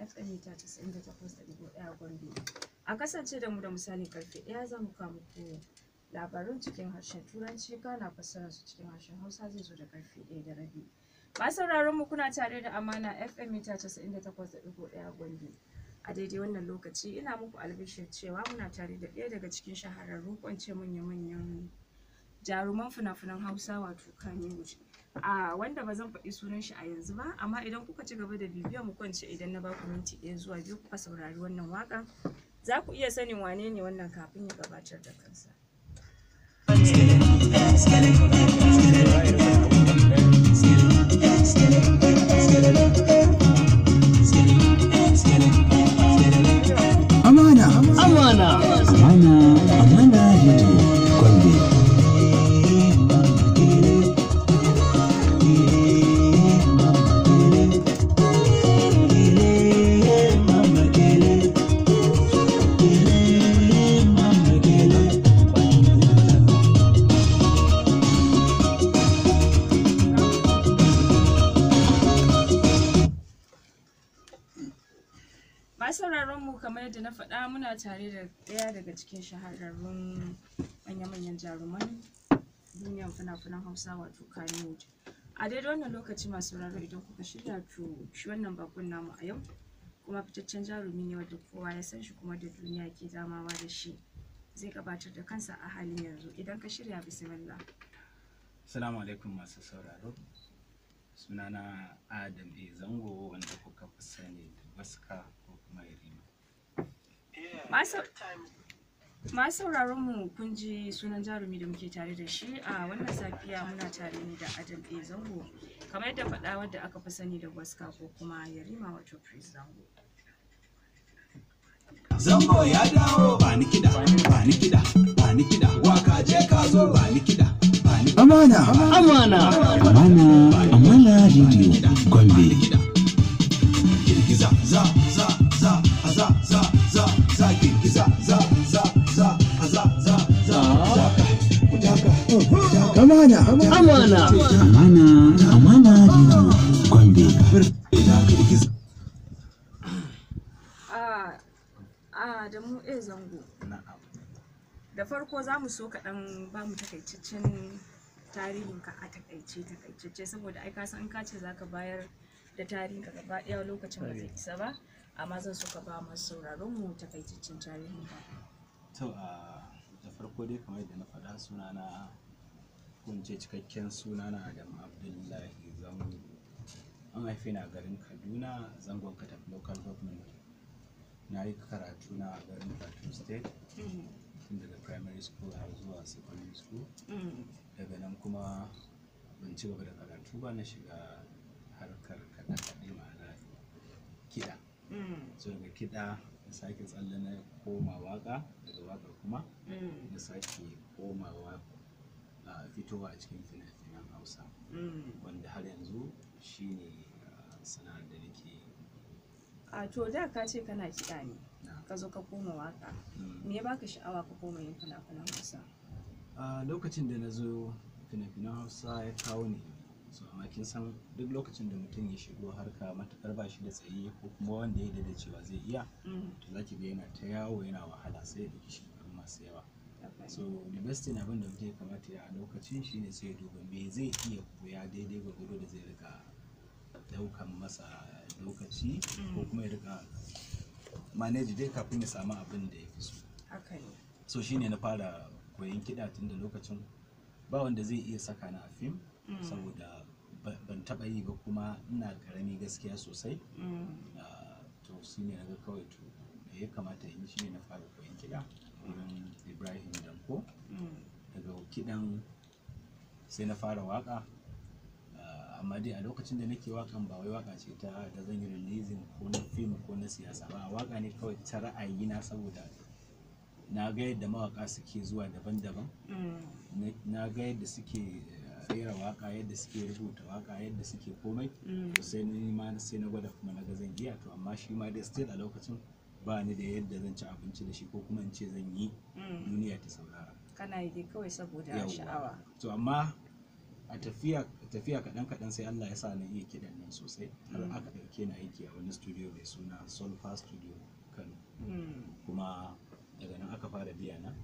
FM mita 98.1 Gombe. A kasance da mu da misali karfe ɗaya za mu kawo muku labarun cikin harshen Turanci kana fassara su cikin harshen Hausa zai zo da karfe ɗaya da rabi. Masu sauraron mu kuna tare da Amana FM mita 98.1 Gombe. A daidai wannan lokaci ina muku albishir cewa muna tare da ɗaya daga cikin shahararru kwance manya-manyan jaruman fina-finan Hausa wato Kannywood. a wanda ba zan faɗi sunan shi a yanzu ba amma idan kuka ci gaba da bibiyar mu kwance idan na baku minti ɗaya zuwa biyu kuka saurari wannan waka za ku iya sanin wane ne wannan kafin ya gabatar da kansa. tare da ɗaya daga cikin shahararrun manya-manyan jaruman duniyar fina-finan hausa wato kannywood a daidai wannan lokaci masu sauraro idan kuka shirya to shi wannan bakon namu a yau kuma fitaccen jarumi ne wanda kowa ya san shi kuma da duniya ke damawa da shi zai gabatar da kansa a halin yanzu idan ka shirya bismillah assalamu alaikum masu sauraro sunana adam e zango wanda kuka fi sani da baska ko kuma iri masu sauraron mu kun ji sunan jarumi da muke tare da shi a wannan safiya muna tare ne da adam a zango kamar yadda faɗa wadda aka fi sani da waska ko kuma yarima wato prince zango zango ya dawo ba ni kiɗa ba ni kiɗa ba ni kiɗa waka je ka zo ba ni kiɗa amana amana amana amana radio gombe amana amana amana amana amana a ah, ah, da mu e zango da farko za mu so kaɗan ba mu takaitaccen tarihinka a takaice takaitacce saboda ai ka san ka ce za ka bayar da tarihinka gaba ɗaya lokacin ba zai isa ba amma zan so ka ba masu sauraron mu takaitaccen tarihinka to a ah, da farko dai kamar yadda na faɗa sunana kunce cikakken suna na Adamu Abdullahi Zango. An haife na garin Kaduna, zangon Katab Local Government. Na yi karatu na a garin Plateau State, tun daga primary school har zuwa secondary school. Daga nan kuma ban ci gaba da karatu ba na shiga harkar kaɗa kaɗe ma'ana kiɗa. So daga kiɗa na sake tsalle na koma waka daga waka kuma na sake komawa fitowa a cikin fina-finan hausa mm. wanda har yanzu shi ne uh, sana'ar da nake a to da ka ce kana kiɗa ne ka zo ka koma waka mm. me ya baka sha'awa ka koma yin fina-finan hausa lokacin da na zo fina-finan hausa ya kawo ne so amma kin san duk lokacin da mutum ya shigo harka matakar ba shi da tsaye ko kuma wanda ya da cewa zai iya mm. to zaki ga yana ta yawo yana wahala sai ya ɗauki shekaru masu yawa so the best thing abin da mutum ya kamata ya a lokacin shine sai ya duba me zai iya koya daidai ga gado da zai rika daukan masa lokaci ko kuma ya rika manage dai kafin ya samu abin da ya fi so so shine na fara koyon kiɗa tun da lokacin ba wanda zai iya saka na a fim mm. saboda ban taɓa yi ba kuma ina karami gaskiya sosai mm. ah, to shine na ga kawai to ya kamata in yi shine na fara koyon kiɗa ibrahim danko mm. daga kiɗan sai na fara waka ah, amma dai a lokacin da nake wakan ba wai waka ce ta da zan yi releasing ko na film ko na siyasa ba waka ne kawai ta ra'ayi na saboda na ga yadda mawaka suke zuwa daban-daban mm. na ga yadda suke ah, rera waka yadda suke rubuta waka yadda suke komai mm. to sai ni ma sai na gwada kuma na ga zan iya to amma shi ma dai still a lokacin ba ni da yadda zan ci abinci da shi ko kuma in ce zan yi mm. duniya ta saurara kana yi kawai saboda sha'awa to amma a tafiya tafiya kaɗan kaɗan sai Allah ya sa na iya kiɗan nan sosai har mm. aka ɗauke ni aiki a wani studio mai suna Solfa Studio Kano mm. kuma daga nan aka fara biya na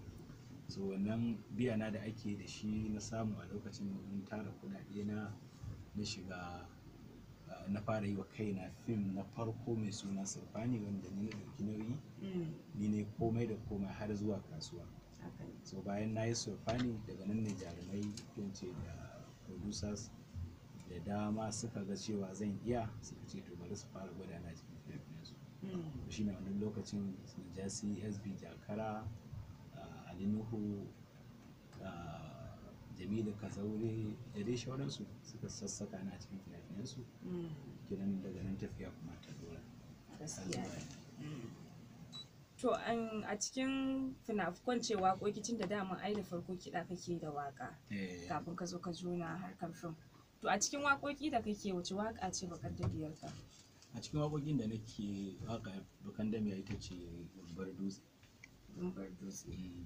so wannan biya na da ake da shi na samu a lokacin mun tara kuɗaɗe na na shiga na fara yi wa kaina fim na farko mai suna sirfani wanda ni na ɗauki nauyi mm. ni ne komai da komai har zuwa kasuwa so bayan na yi sirfani daga nan ne jarumai ce da producers da dama suka ga cewa zan iya suka ce to bari su fara gwada na cikin fim mm. shi ne wani lokacin jasi sb jakara ah, alinuhu nuhu ah, jamilu kazaure da dai shauransu suka sassaka na cikin fina-finansu. gidan daga nan tafiya kuma ta dora mm. to an a cikin fina-finan ce cewa kokicin da dama ai da farko kiɗa kake da waƙa, eh. kafin ka zo ka juna harkar fim to a cikin waƙoƙi da kake wace waƙa ce bakar da biyarka a cikin waƙoƙin da nake waƙa bakar da ita ce gumbar dutse dutse mm.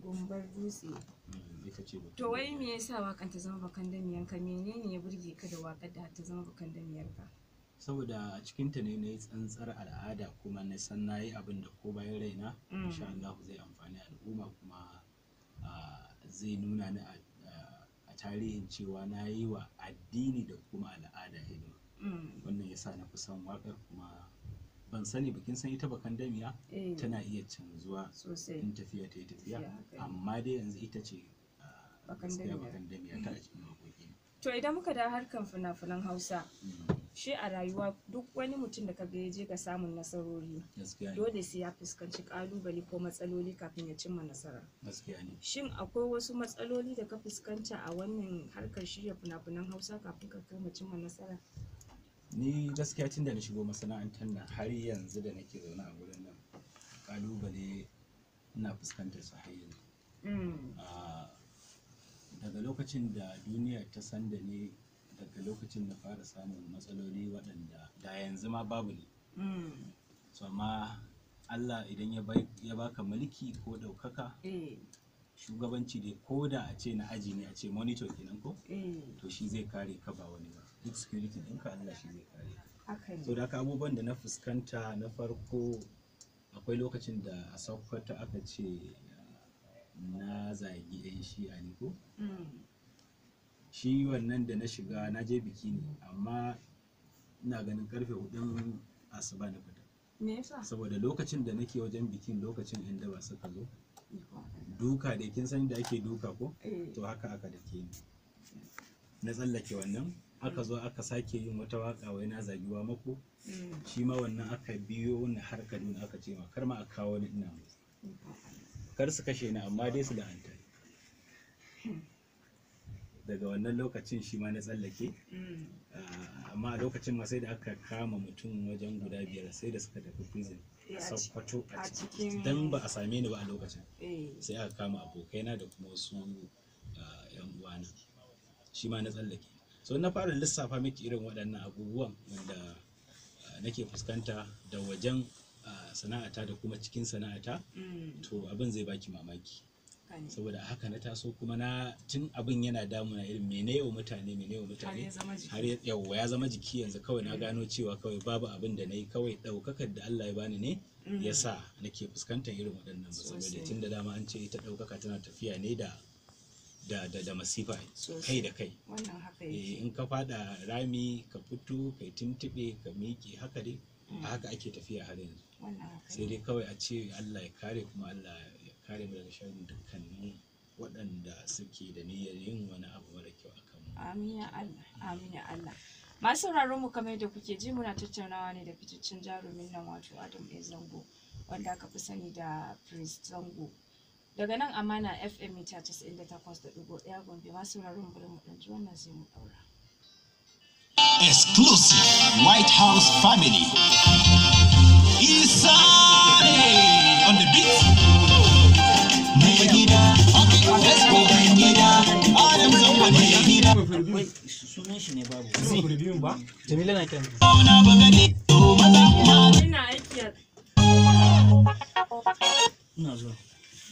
gumbar dutse mm, to wai me yasa wakan ta zama bakan damiyar ka menene ya burge ka da wakar da ta zama bakan damiyar ka saboda a cikin ta ne na yi tsantsar al'ada kuma na san na yi abin da ko bayan raina mm. insha Allah zai amfani al'umma kuma zai nuna ni a tarihin cewa na yi wa addini da kuma al'ada hidima mm. wannan yasa na fi son waƙar kuma ban sani ba kin san ita bakan damiya eh. tana iya canzuwa in tafiya ta yi tafiya amma dai yanzu ita ce ah, gaskiya bakan damiya ta a cikin makoki to idan muka da harkan fina-finan hausa mm. shi a rayuwa duk wani mutum da kaga ya je ga samun nasarori dole sai ya fuskanci kalubale ko matsaloli kafin ya cimma nasara shin akwai wasu matsaloli da ka fuskanta a wannan harkar shirya fina-finan hausa kafin ka cimma nasara ni gaskiya tun da na shigo masana'antar nan har yanzu da nake zaune a gurin nan kalubale ina fuskantar su har yanzu mm. ah, daga lokacin da duniya ta san da ni daga lokacin da fara samun matsaloli waɗanda da yanzu ma babu ne mm. so amma Allah idan ya baka mulki ko ɗaukaka eh. shugabanci dai ko da a ce na aji ne a ce monitor kenan ko eh. to shi zai kare ka ba wani ba duk security ka Allah shi zai kare so da ka abubuwan da na fuskanta na farko akwai lokacin da a sakwata aka ce na zagi yan shi a ko mm. shi wannan da na shiga na je biki ne amma ina ganin karfe hudun asuba na fita saboda lokacin da nake wajen bikin lokacin yan daba suka zo duka da kin san da ake duka ko eh. to haka aka da ke na tsallake wannan aka zo aka sake yin wata waka wai na wa mako mm. shi ma wannan aka biyo wannan harkar kaduna aka ce ma kar ma a kawo ni ina musu kar su kashe ni amma dai su la'anta daga wannan lokacin shi ma na tsallake mm. ah, amma a lokacin ma sai da aka kama mutum wajen guda biyar sai da suka tafi prison sakwato a cikin dan ba a same ni ba a lokacin eh. sai aka kama abokaina da kuma wasu yan ah, uwana shi ma na tsallake so na fara lissafa miki irin waɗannan abubuwan wanda ah, nake fuskanta da wajen ah, sana'ata da kuma cikin sana'ata mm. to abin zai baki mamaki saboda haka na taso kuma na tun abin yana damuna irin mene yau mutane mene yau mutane har yawa ya zama jiki yanzu kawai na mm. gano cewa kawai babu abin da na yi kawai ɗaukakar da Allah ya bani ne mm. ya sa nake fuskantar irin waɗannan matsaloli tun da dama an ce ita ɗaukaka tana tafiya ne da da da da masifa kai da kai eh, in ka fada rami ka fito ka tuntube ka miƙe haka dai mm. a haka ake tafiya har yanzu sai dai kawai a ce Allah ya kare kuma Allah ya kare mu daga sharrin dukkanin waɗanda suke da niyyar yin wani abu mara kyau a kan amin ya Allah amin ya Allah masu sauraron mu kamar yadda kuke ji muna tattaunawa ne da fitaccen jarumin nan wato Adam ezango Zango wanda aka fi sani da Prince Zango daga nan amana fm mita 98.1 gombe masu rarun burin mu ɗan ji wannan sai mu ɗaura. exclusive white house family isa on the beat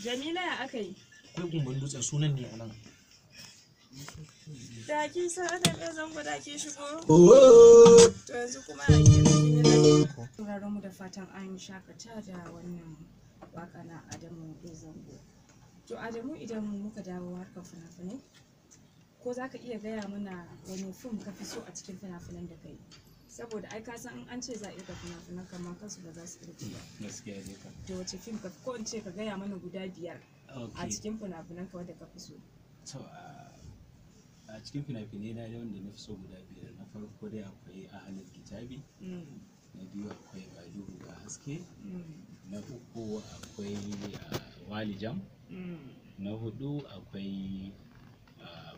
jamila ya aka yi akwai gumban dutsen sunan ne a nan da ki san adam ya zango da ke shigo oh! to yanzu kuma a ke turaren mu da fatan an shakata da wannan waka na adamu ya zango to adamu idan muka dawo harkar fina-finai ko za ka iya gaya mana wani fim ka fi so a cikin fina-finan da ka yi saboda ai ka san in an ce za a ka fina-finan kama kansu ba za su irga gaskiya ne ka to wace fim ka ko in ce ka gaya mana guda biyar a cikin fina-finan ka wanda ka fi so to a cikin fina-finai na da wanda na fi so guda biyar na farko dai akwai ahalin kitabi mm. na biyu akwai duhu ga haske mm. na uku akwai walijam mm. na hudu akwai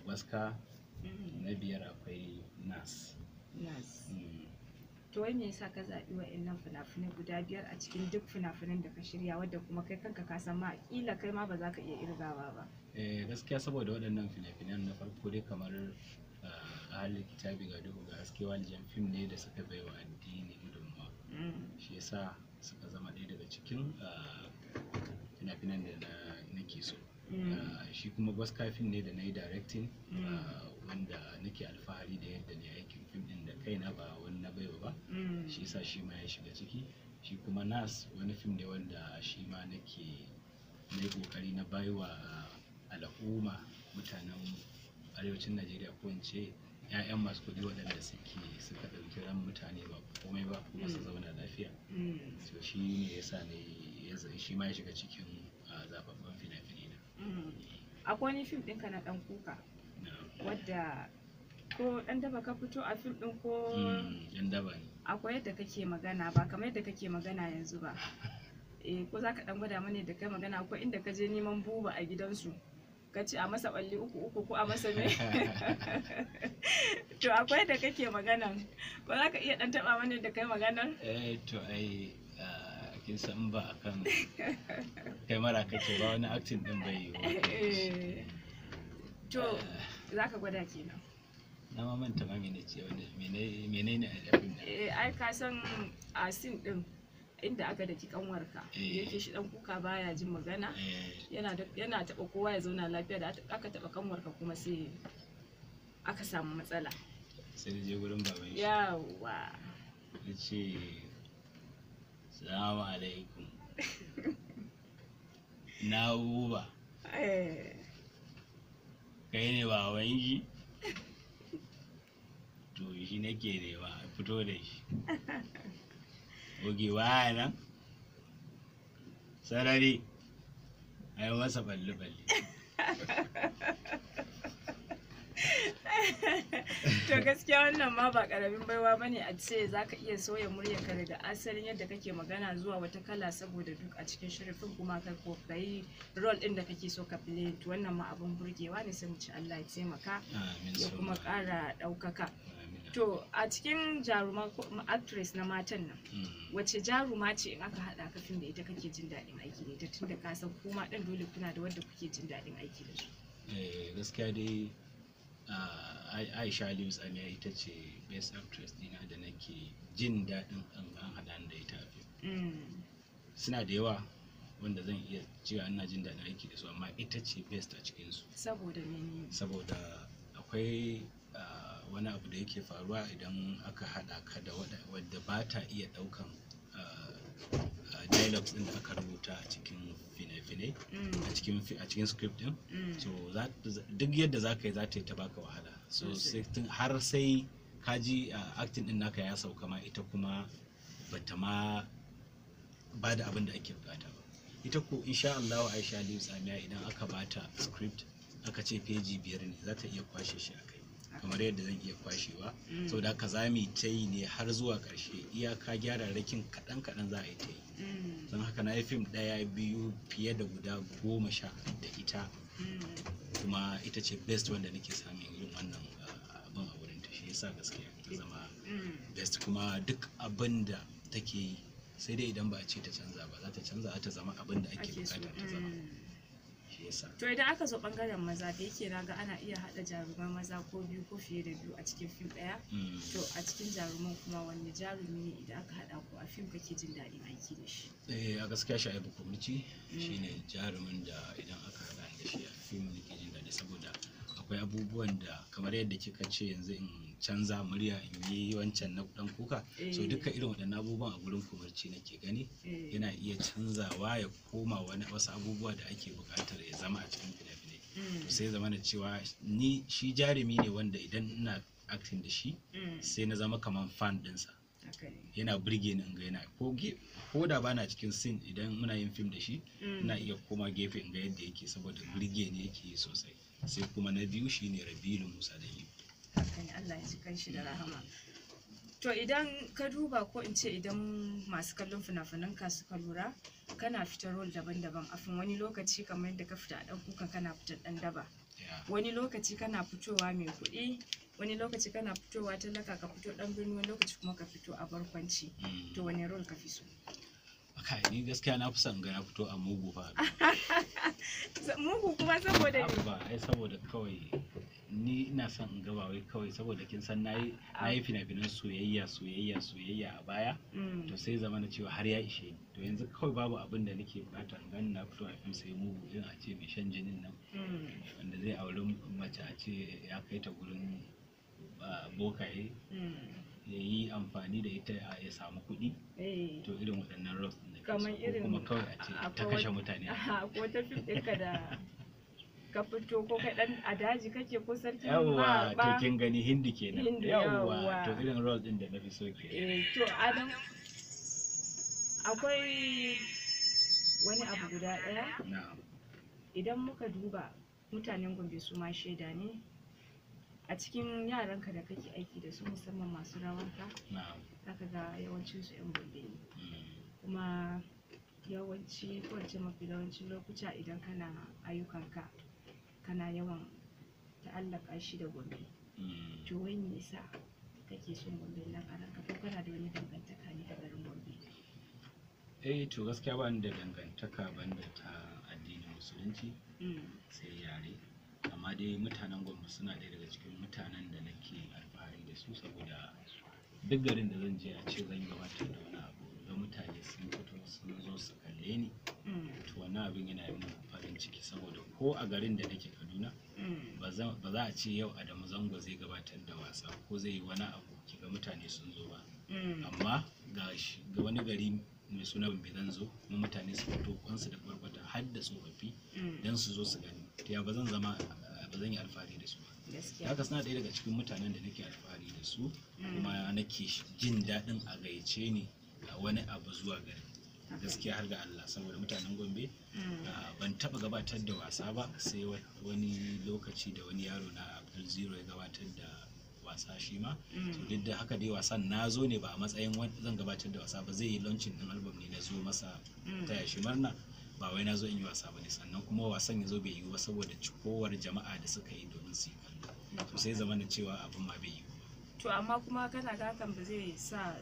gwaska na biyar akwai nas Nice. Mm. To wai me yasa ka zaɓi wa'annan fina-finai guda biyar a cikin duk fina-finan da ka shirya wadda kuma kai kanka ka san ma Ƙila kai ma ba za ka iya irgawa ba. Eh gaskiya saboda waɗannan fina-finan na farko dai kamar a ah, halin kitabi ga duhu ga haske jan fim ne da suka bai wa addini gudunmawa. Mm. Shi yasa suka zama ɗaya daga cikin ah, fina-finan da nake so. Mm. Ah, shi kuma bas kafin ne da na yi directing mm. ah, wanda nake alfahari da yadda ne aikin fim din da kaina ba wani na baiwa ba mm. shi yasa shi ma ya shiga ciki shi kuma nas wani fim ne wanda shi ma nake na yi kokari na baiwa al'umma mutanen arewacin najeriya ko in ce 'ya'yan masu kudi waɗanda suke suka ɗauki ran mutane ba komai ba kuma su zauna lafiya So shi ne ya sa ne shi ma ya shiga cikin ah, zababban fim Mm-hmm. akwai wani fim ɗinka na ɗan kuka wadda ko ɗan daba ka fito a fim ɗin ko mm, ɗan daba ne akwai yadda kake magana ba kamar yadda kake magana yanzu ba eh ko zaka ɗan gwada mana yadda kai magana ko inda ka je neman buba a gidansu ka ce a masa balli uku uku ko a masa me to akwai yadda kake magana ko zaka iya ɗan taɓa mana yadda kai magana. eh to ai kin san ba akan ka ce ba wani acting din bai yi eh, to za ka gwada kenan na ma manta ma mene ce wani mene ne a abin da eh ai ka san a sin din inda aka daki kanwarka eh. yake shi dan kuka baya jin magana eh. yana yana taba kowa ya zauna lafiya da aka taba kanwarka kuma sai aka samu matsala sai je gurin baban shi yawa ce salamu alaikum na buba eh. kai ne babangi to shi nake ne ba fito da shi oge waya nan sarari a yi masa balle-balle to gaskiya wannan ma ba karamin baiwa bane a ce zaka iya soya muryarka daga asalin yadda kake magana zuwa wata kala saboda duk a cikin shirifin kuma ka ko role din da kake so ka play to wannan ma abun burgewa ne sai mu ci Allah ya taimaka ya kuma ƙara ɗaukaka to a cikin jaruma actress na matan nan hmm. wace jaruma ce in aka haɗa ka da ita kake jin daɗin aiki da ita tunda ka san kuma ɗan dole kuna da wanda kuke jin daɗin aiki da su eh, gaskiya dai Ah, aisha aliyu tsamiya ita ce best actress dina da nake jin daɗin ɗan haɗa da ita mm. suna da yawa wanda zan iya cewa ina jin daɗin aiki da su amma ita ce best a cikinsu saboda saboda akwai ah, wani abu da yake faruwa idan aka haɗa ka da wadda ba ta iya ɗaukan ah, dialogues ɗin da aka rubuta a cikin fina fina a mm. cikin a cikin script din mm. so duk yadda za ka yi za ta yi ta baka wahala so har sai kaji ji acting din naka ya sauka ma ita kuma bata ma ba da abin da ake bukata ba ita ko insha Allah Aisha Liu Samiya idan aka bata script aka ce peji biyar ne za ta iya kwashe shi kamar yadda zan iya kwashewa mm. sau da haka zami ta yi ne har zuwa ƙarshe iyaka rakin kaɗan kaɗan za a yi ta yi mm. don haka na yi fim ɗaya biyu fiye da guda goma sha da ita mm. kuma ita ce best wanda nake sami yin wannan ah, abin a wurin ta shi yasa gaskiya ta zama best kuma duk abin da take yi sai dai idan ba a ce ta canza ba za ta canza ta zama abin da ake bukata ta zama to idan aka zo bangaren maza da yake naga ana iya hada jaruman maza ko biyu ko fiye da biyu a cikin fim daya mm. to a cikin jaruman kuma wanne jarumi ne idan aka hada ko a fim kake jin daɗin aiki da shi eh a gaskiya sha'ibu kumurci mm. shine jarumin da idan aka hada da shi a fim nake jin daɗi saboda akwai abubuwan da kamar yadda kika ce yanzu in canza murya in yi wancan na dan kuka so eh. duka irin waɗannan abubuwan a gurin kubarci nake gani eh. yana iya canzawa ya koma wani wasu abubuwa da ake buƙatar ya zama a cikin fina-finai hmm. to sai zama na cewa ni shi jarumi ne wanda idan ina acting da shi hmm. sai na zama kaman fan ɗinsa yana birge ni in ga yana ko da bana cikin sin idan muna yin fim da shi hmm. ina iya koma gefe in ga yadda yake saboda birge ni yake sosai sai kuma na biyu shine rabilu musa da kakanni Allah ya ci kanshi da rahama to idan ka duba ko in ce idan masu kallon fina-finan ka suka lura kana fitar rol daban-daban afin wani lokaci kamar yadda ka fita dan kuka kana fitar dan daba wani lokaci kana fitowa mai kuɗi wani lokaci kana fitowa talaka ka fito dan birni wani lokaci kuma ka fito a barkwanci mm. to wani rol ka fi so kai ni gaskiya na fi son ga ya fito a mugu ba mugu kuma saboda ne ba ai saboda kawai ni ina son in gaba wai kawai saboda kin san nayi nayi fina-finan soyayya soyayya soyayya a baya mm. to sai zama na cewa har ya ishe ni to yanzu kawai babu abin da nake bukata in gani na fito a fim sai mugu din a ce mai shan jinin nan mm. wanda zai auri mace a ce ya kai ta gurin ah, bokaye mm. ya yi amfani da ita ya samu kuɗi eh. to irin waɗannan roles da kamar irin kuma kawai a ce ta kashe mutane ko ta fim ɗinka da ka fito ko kai dan a daji kake ko sarki Yawwa, to kin gani hindi kenan Yawwa, to irin roles din da na fi so ke. Eh, to adam akwai wani abu guda ɗaya idan muka duba mutanen gombe su ma shaida ne a cikin yaranka da kake aiki da su musamman masu rawar ka, zaka ga yawancin su yan gombe ne mm. kuma yawanci ko ce mafi yawancin lokuta idan kana ayyukan ka, kana yawan ta'allaka shi da gombe mm. to wai me yasa kake son gombe nan a ranka ko kana da wani dangantaka ne da garin gombe eh to gaskiya ba ni da dangantaka banda ta addinin musulunci mm. sai yare amma dai mutanen gwamma suna ɗaya daga cikin mutanen da nake alfahari da su saboda duk garin da zan je a ce zan gabatar da wani abu da mutane sun fito sun zo su kalle ni mm. to wani abin yana yin farin ciki saboda ko a garin da nake kaduna mm. ba za a ce yau adamu zango zai gabatar da wasa ko zai yi wani abu kiga mutane sun zo ba mm. amma ga wani gari mai suna zan zo kuma mutane su fito kwansu da barbata har da tsofaffi don su zo su gani ya ba zan zama ba zan yi alfahari da su ba haka suna ɗaya daga cikin mutanen da nake alfahari da su kuma nake jin daɗin a gaice ni a wani abu zuwa gari gaskiya har ga Allah saboda mutanen Gombe mm. ah, ban taba gabatar da wasa ba sai wani lokaci da wani yaro na Abdul Zero ya gabatar da wasa shi ma mm. duk da haka dai wasan na zo ne ba a matsayin zan gabatar da wasa ba zai yi launching ɗin album ne na zo masa mm. ta yashi murna ba wai na zo in yi wasa ba ne sannan kuma wasan ya zo bai yiwu ba saboda cikowar jama'a da suka yi domin su yi kallo to sai zama cewa abin ma bai yiwu to amma kuma kana ga hakan ba zai sa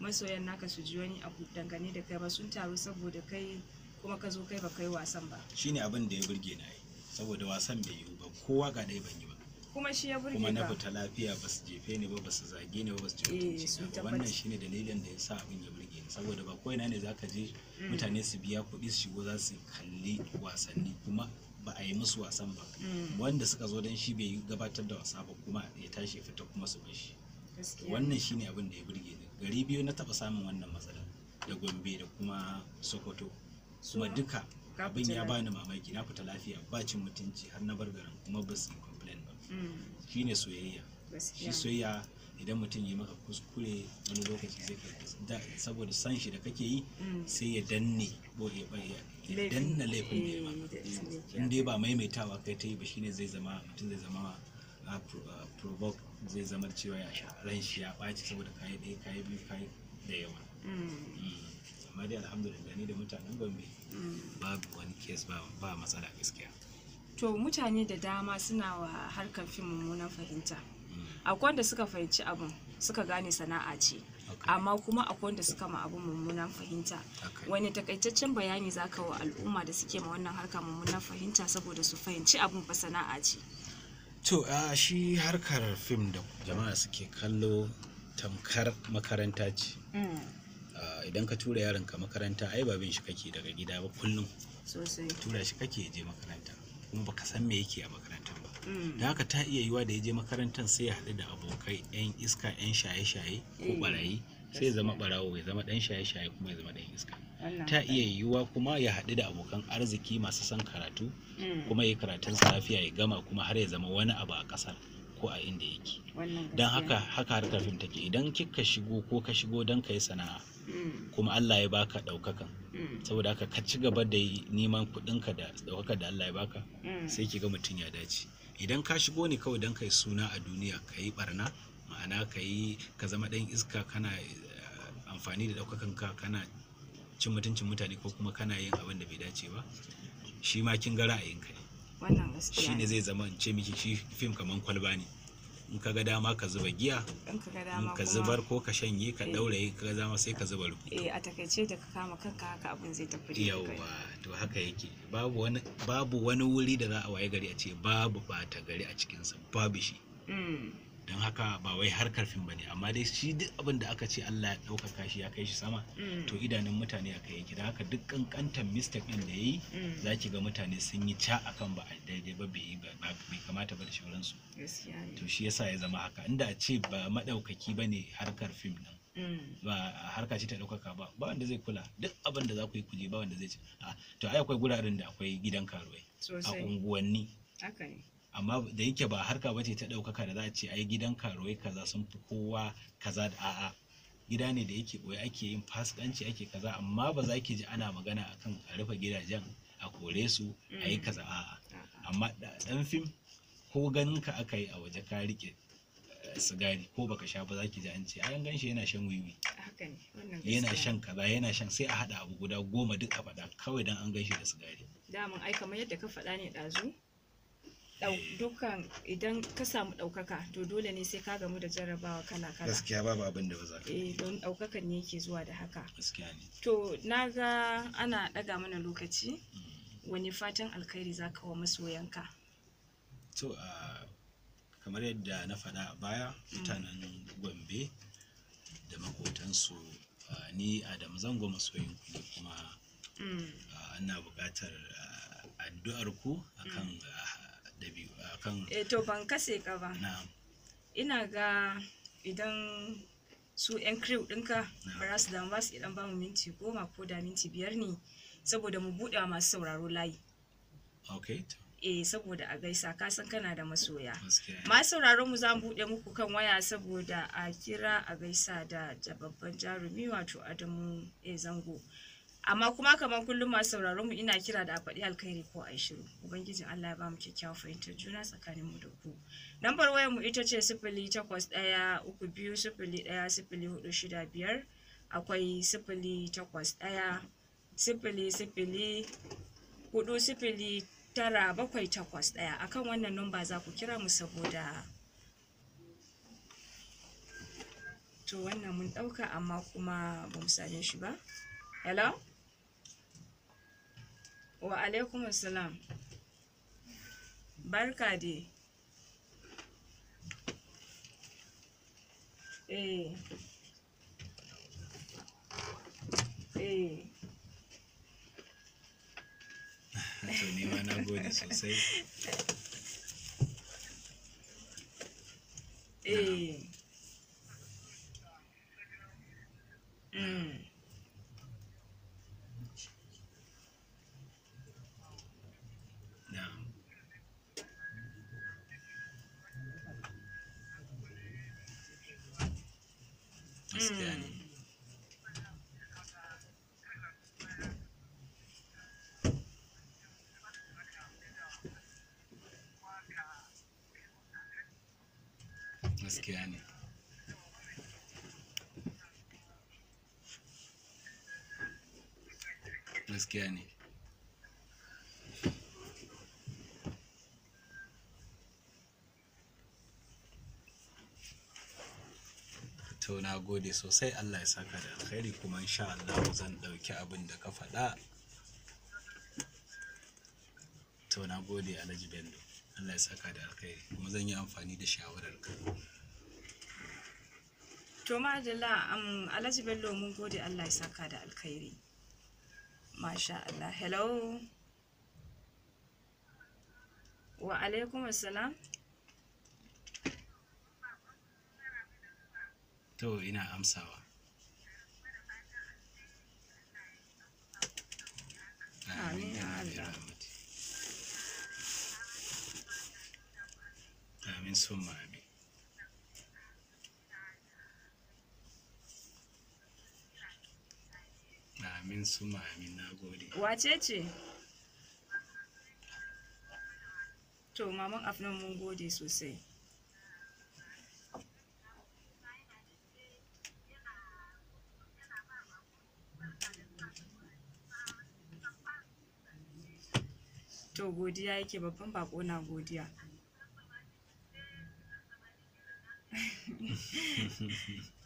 masoyan naka su ji wani abu dangane da kai ba sun taru saboda kai kuma ka zo kai ba kai wasan ba shine abin da ya burge na yi saboda wasan bai yiwu ba kowa ga ɗaya ban yi ba kuma shi ya burge kuma na fita lafiya ba su jefe ni ba ba su zage ni ba ba su ci mutunci eh, wannan shine dalilin da ya sa abin ya burge saboda ba ko ina ne za ka je mutane su biya kuɗi su shigo za su kalli wasanni kuma ba a yi musu wasan ba mm. wanda suka zo don shi bai gabatar da wasa ba kuma ya tashi ya fita kuma su bar shi wannan shi ne abin da ya burge ni gari biyu na taba samun wannan matsala da gombe da kuma sokoto kuma duka abin ya bani mamaki na fita lafiya ba cin mutunci har na bar garin kuma ba su yi complain ba mm. shine soyayya shi soyayya idan mutum ya maka kuskure wani lokaci zai ka saboda san shi da kake yi mm. sai ya danne ko ya ya danna laifin da ya maka eh, in dai ba maimaitawa kai ta yi ba shine zai zama mutum zai zama provoke zai zama cewa ya sha ran shi ya ɓaci saboda kayi ɗaya kayi biyu kayi da yawa mm. Mm. amma dai alhamdulillah ni da mutanen gombe babu wani kes ba matsala gaskiya to mutane da dama suna wa harkar fim mummunan fahimta akwai wanda suka fahimci abin suka gane sana'a ce amma kuma akwai wanda suka ma abin mummunan fahimta wani takaitaccen bayani za ka wa al'umma da suke ma wannan harka mummunan fahimta saboda su fahimci abin fa sana'a ce to a shi harkar fim da jama'a suke kallo tamkar makaranta ce mm. idan ka tura yaron ka makaranta ai babin shi kake daga gida ba kullum tura shi kake je makaranta kuma baka san me yake a makarantar Mm. da haka ta iya yiwa da ya je makarantar sai ya haɗu da abokai yan iska yan shaye-shaye ko barayi eh, sai zama barawo ya zama ɗan shaye-shaye kuma ya zama ɗan iska ta iya yiwuwa kuma ya haɗu da abokan arziki masu son karatu mm. kuma ya karatun safiya ya gama kuma har ya zama wani abu a ƙasar ko a inda yake don haka haka harkar fim take idan kika shigo ko ka shigo don ka yi sana'a mm. kuma Allah ya baka ɗaukakan saboda haka ka ci gaba da yi neman kuɗinka da ɗaukakar da Allah ya baka sai ki ga mutum ya dace idan ka shigo ne kawai don kai suna a duniya ka yi barna ma'ana ka yi ka zama ɗan iska kana eh, amfani da ɗaukakan ka kana cin mutuncin mutane ko kuma kana yin abin da bai dace ba shi ma kin ga ra'ayinka ne shi ne zai zama in ce miki shi fim kamar kwalba ne in ka ga dama ka zuba giya in ka zubar ko ka shanye ka daura eh. ka ga dama sai ka zuba rubutu eh a takaice da ka kama kanka haka abin zai tafi yawa to haka yake babu wani babu wani wuri da za a waye gari a ce babu bata gari a sa babu shi mm. don haka ba wai har karfin ba ne amma dai shi duk abin da aka ce Allah ya ɗaukaka shi ya kai shi sama mm. to idanun mutane aka yi gida haka duk kankantan mistake ɗin da ya yi mm. za ki ga mutane sun yi ca akan ba a daidai ba bai bai kamata ba da shauransu to shi yasa ya zama haka inda a ce ba maɗaukaki ba ne harkar fim nan mm. ba harka ce ta ɗaukaka ba ba wanda zai kula duk abin da za ku yi kuje ba wanda zai ce to ai akwai guraren da akwai gidan karuwai a unguwanni amma da yake ba harka bace ta ɗaukaka da za a ce ai gidan karuwai kaza sun fi kowa kaza da a'a gida ne da yake ɓoye ake yin fasikanci ake kaza amma ba za ki ji ana magana akan a rufe gidajen a kore su a yi kaza a'a mm. amma ɗan fim ko ganin ka aka yi a waje ka rike eh, sigari ko baka sha ba za ki ji an ce an gan shi yana shan wiwi yana shan kaza yana shan sai a haɗa abu guda goma duk a faɗa kawai dan an gan shi da sigari daman ai kamar yadda ka faɗa ne ɗazu dukkan idan ka samu ɗaukaka to dole ne sai ka gamu da jarrabawa kala kala gaskiya ba abin da ba za ka eh don ɗaukakan ne yake zuwa da haka gaskiya ne to ga ana ɗaga mana lokaci mm. wani fatan alkhairi za ka wa masoyanka to a kamar yadda na faɗa a baya mm. mutanen gombe da makotansu ni Adamu, zango masoyin ne kuma mm. ana buƙatar addu'ar ku akan kan eh to ban kase ka ba ina ga idan su yan crew ɗinka ba da su damu su idan ba mu minti goma ko da minti biyar ne saboda mu buɗe masu sauraro layi okay eh saboda a gaisa ka san kana da masoya masu sauraron mu za mu buɗe muku kan waya saboda a kira a gaisa da babban jarumi wato adamu e zango amma kuma kamar kullum masu sauraron mu ina kira da a faɗi alkhairi ko a shiru ubangijin Allah ya bamu kyakkyawar fahimtar juna tsakanin mu da ku lambar wayar mu ita ce sifili takwas ɗaya uku biyu akwai sifili takwas tara bakwai takwas ɗaya akan wannan numba za ku kira mu saboda to wannan mun ɗauka amma kuma ba mu same shi ba hello wa alaikum salam barka dai eh eh to ni ma na gode sosai eh mm gaskiya ne to na gode sosai Allah ya saka da alkhairi kuma insha Allah zan ɗauki abin da ka faɗa to na gode Alhaji Bello Allah ya saka da alkhairi kuma zan yi amfani da shawararka to ma Alhaji Bello mun gode Allah ya saka da alkhairi شاء الله هلو وعليكم السلام تو هنا امسى آمين يا الله آمين ثم آمين Amin su amin na gode. Wace ce? To, maman afnan mun gode sosai. To, godiya yake babban bako na godiya.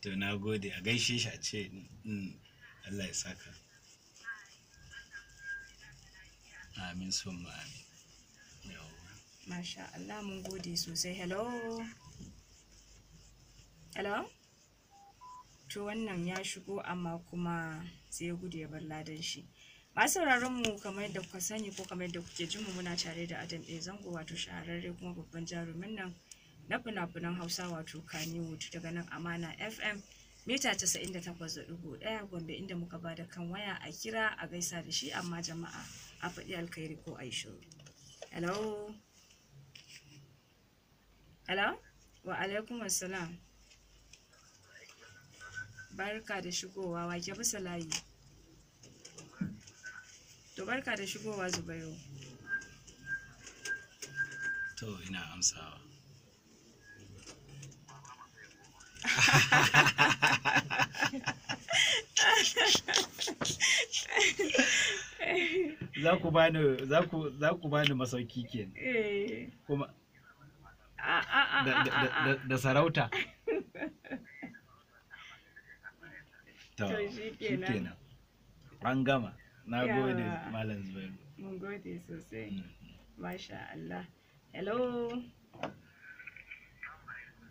to na gode a gaishe shi a ce mm, Allah ya saka amin sun amin masha Allah mun gode sosai hello hello to wannan ya shigo amma kuma sai ya gude ya bar ladan shi masu sauraron mu kamar da kuka sani ko kamar yadda kuke jin mu muna tare da Adam A Zango wato shahararre kuma babban jarumin nan na fina-finan Hausa wato Kannywood daga nan Amana FM mita 98.1 Gombe inda muka ba da kan waya a kira a gaisa da shi amma jama'a a faɗi alkhairi ko a shiru. Hello? Hello? Wa alaikum assalam. Barka da shigowa wake bisa layi. To barka da shigowa Zubairu. To ina amsawa. za ku bani za ku za ku bani masauki ke kuma da sarauta to shikenan an gama na gode malam zubairu mun gode sosai mm. masha Allah hello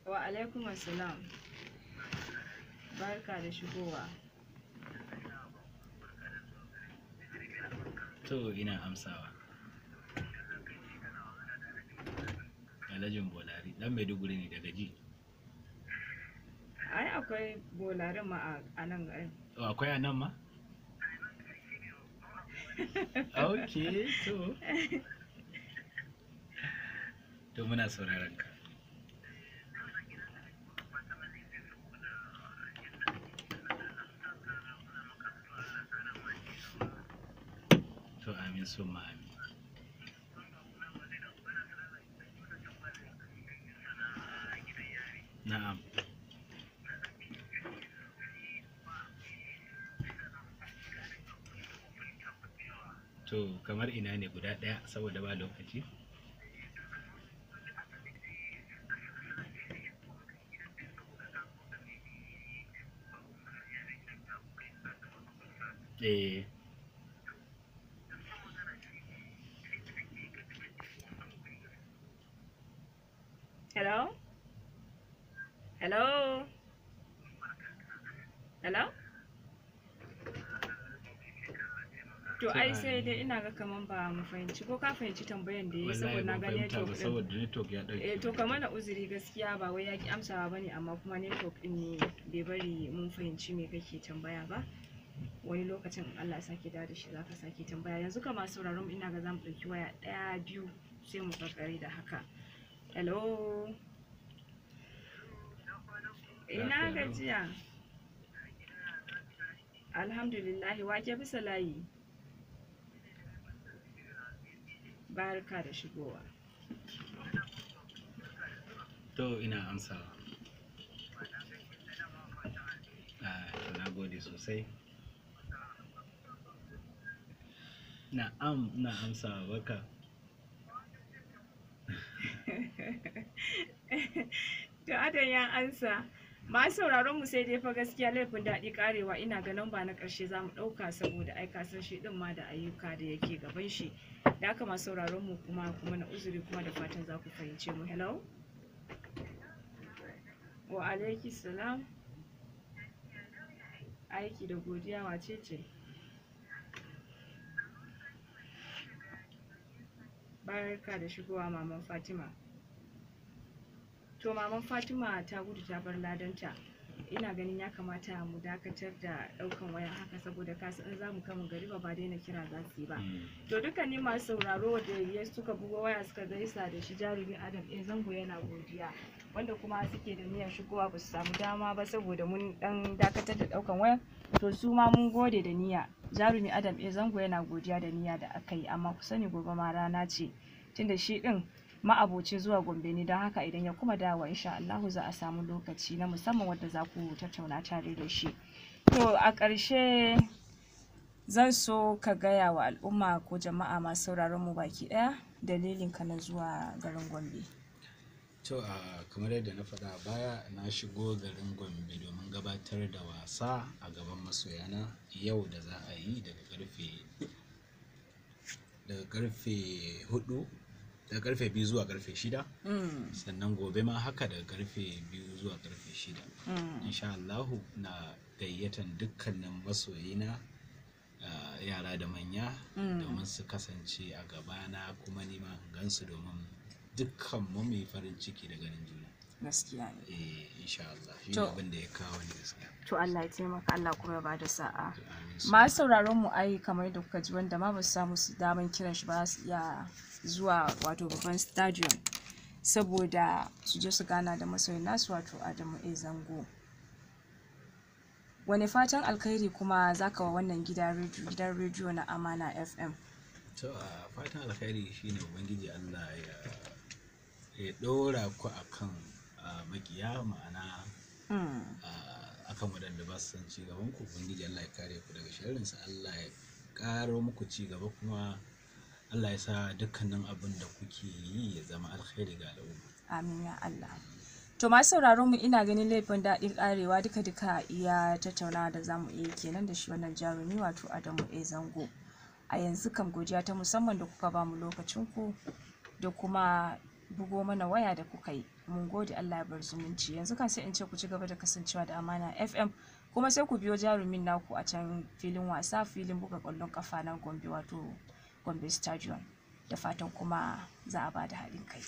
wa alaikum assalam barka da shigowa to ina amsawa alhajin bolari dan maiduguri ne daga ji ai akwai bolarin ma a nan garin akwai a nan ma ok to to muna sauraron ka amin na'am to kamar ina ne guda ɗaya saboda ba lokaci Hello? Hello? Hello? To ai sai dai ina ga kaman ba mu fahimci ko ka fahimci tambayan da ya saboda na ga network din. Saboda network ya dauke. Eh to kamar na uzuri gaskiya ba wai ya ki amsawa bane amma kuma network din ne bai bari mun fahimci me kake tambaya ba. wani lokacin Allah ya sake da shi za ka sake tambaya yanzu kamar sauraron ina ga zamu dauki ɗauki waya ɗaya biyu sai mu karkare da haka hello ina gajiya alhamdulillahi wake bisa layi barka da shigowa to ina amsawa ah, na gode sosai na'am na amsawa baka to adan ya ansa ma sauraron mu sai dai fa gaskiya laifin daɗi ƙarewa ina ga lamba na ƙarshe za mu ɗauka saboda ai ka san shi ɗin ma da ayyuka da yake gaban shi da haka ma sauraron mu kuma kuma na uzuri kuma da fatan za ku fahimce mu hello wa aiki da godiya wace ce barka da shigowa maman fatima to maman fatima ta gudu ta bar ladanta ina ganin ya kamata mu dakatar da daukan waya haka saboda kasu in zamu kama gari ba ba daina kira za su yi ba hmm. to dukkanin masu sauraro da ya suka buga waya suka gaisa da shi jarumin adam in eh, zango yana godiya wanda kuma suke da niyyar shigowa ba su samu dama ba saboda mun ɗan dakatar da ɗaukan waya to su ma mun gode da niyya jarumi adam e zango yana godiya da niyya da aka yi amma ku sani gobe ma rana ce tunda shi ɗin ma'abocin zuwa gombe ne don haka idan ya kuma dawa insha Allahu za a samu lokaci na musamman wanda za ku tattauna tare da shi to a ƙarshe zan so ka gaya wa al'umma ko jama'a masu sauraron mu baki ɗaya dalilin ka na zuwa garin gombe To a kamar yadda na faɗa a baya na shigo garin Gombe domin gabatar da wasa a gaban masoyana yau da za a yi daga ƙarfe daga ƙarfe hudu daga ƙarfe biyu zuwa ƙarfe shida mm. sannan gobe ma haka daga ƙarfe biyu zuwa ƙarfe shida mm. insha Allahu na gayyatan dukkanin masoyina yara da manya mm. domin su kasance a gabana kuma nima gansu domin dukkan mu mai farin ciki da ganin juna gaskiya ne eh insha Allah shi ne abin da ya kawo ni gaskiya to Allah ya taimaka Allah kuma ya bada sa'a masu sauraron mu ai kamar da kuka ji wanda ma ba su samu su daman kiran shi ba su iya zuwa wato babban stadium saboda su je su gana da masoyin nasu wato Adamu A Zango wani fatan alkhairi kuma zaka wa wannan gidan rediyo na Amana FM to fatan alkhairi shine ubangiji Allah ya ya ɗora ku akan makiya ma'ana hmm. akan waɗanda ba su san ci gaban ku ubangiji Allah ya kare ku daga sharrinsa Allah ya ƙaro muku ci gaba kuma Allah ya sa dukkanin abin da kuke yi ya zama alkhairi ga al'umma amin ya Allah To masu sauraron mu ina ganin laifin daɗin ƙarewa duka duka iya tattaunawa da zamu iya kenan da shi wannan jarumi wato Adamu A Zango. A yanzu kam godiya ta musamman da kuka bamu lokacin ku da kuma bugo mana waya da kuka yi mun gode Allah ya bar zumunci yanzu kan sai in ce ku ci gaba da kasancewa da amana FM kuma sai ku biyo jarumin naku a can filin wasa filin buga kwallon kafa na Gombe wato Gombe Stadium da fatan kuma za a bada da haɗin kai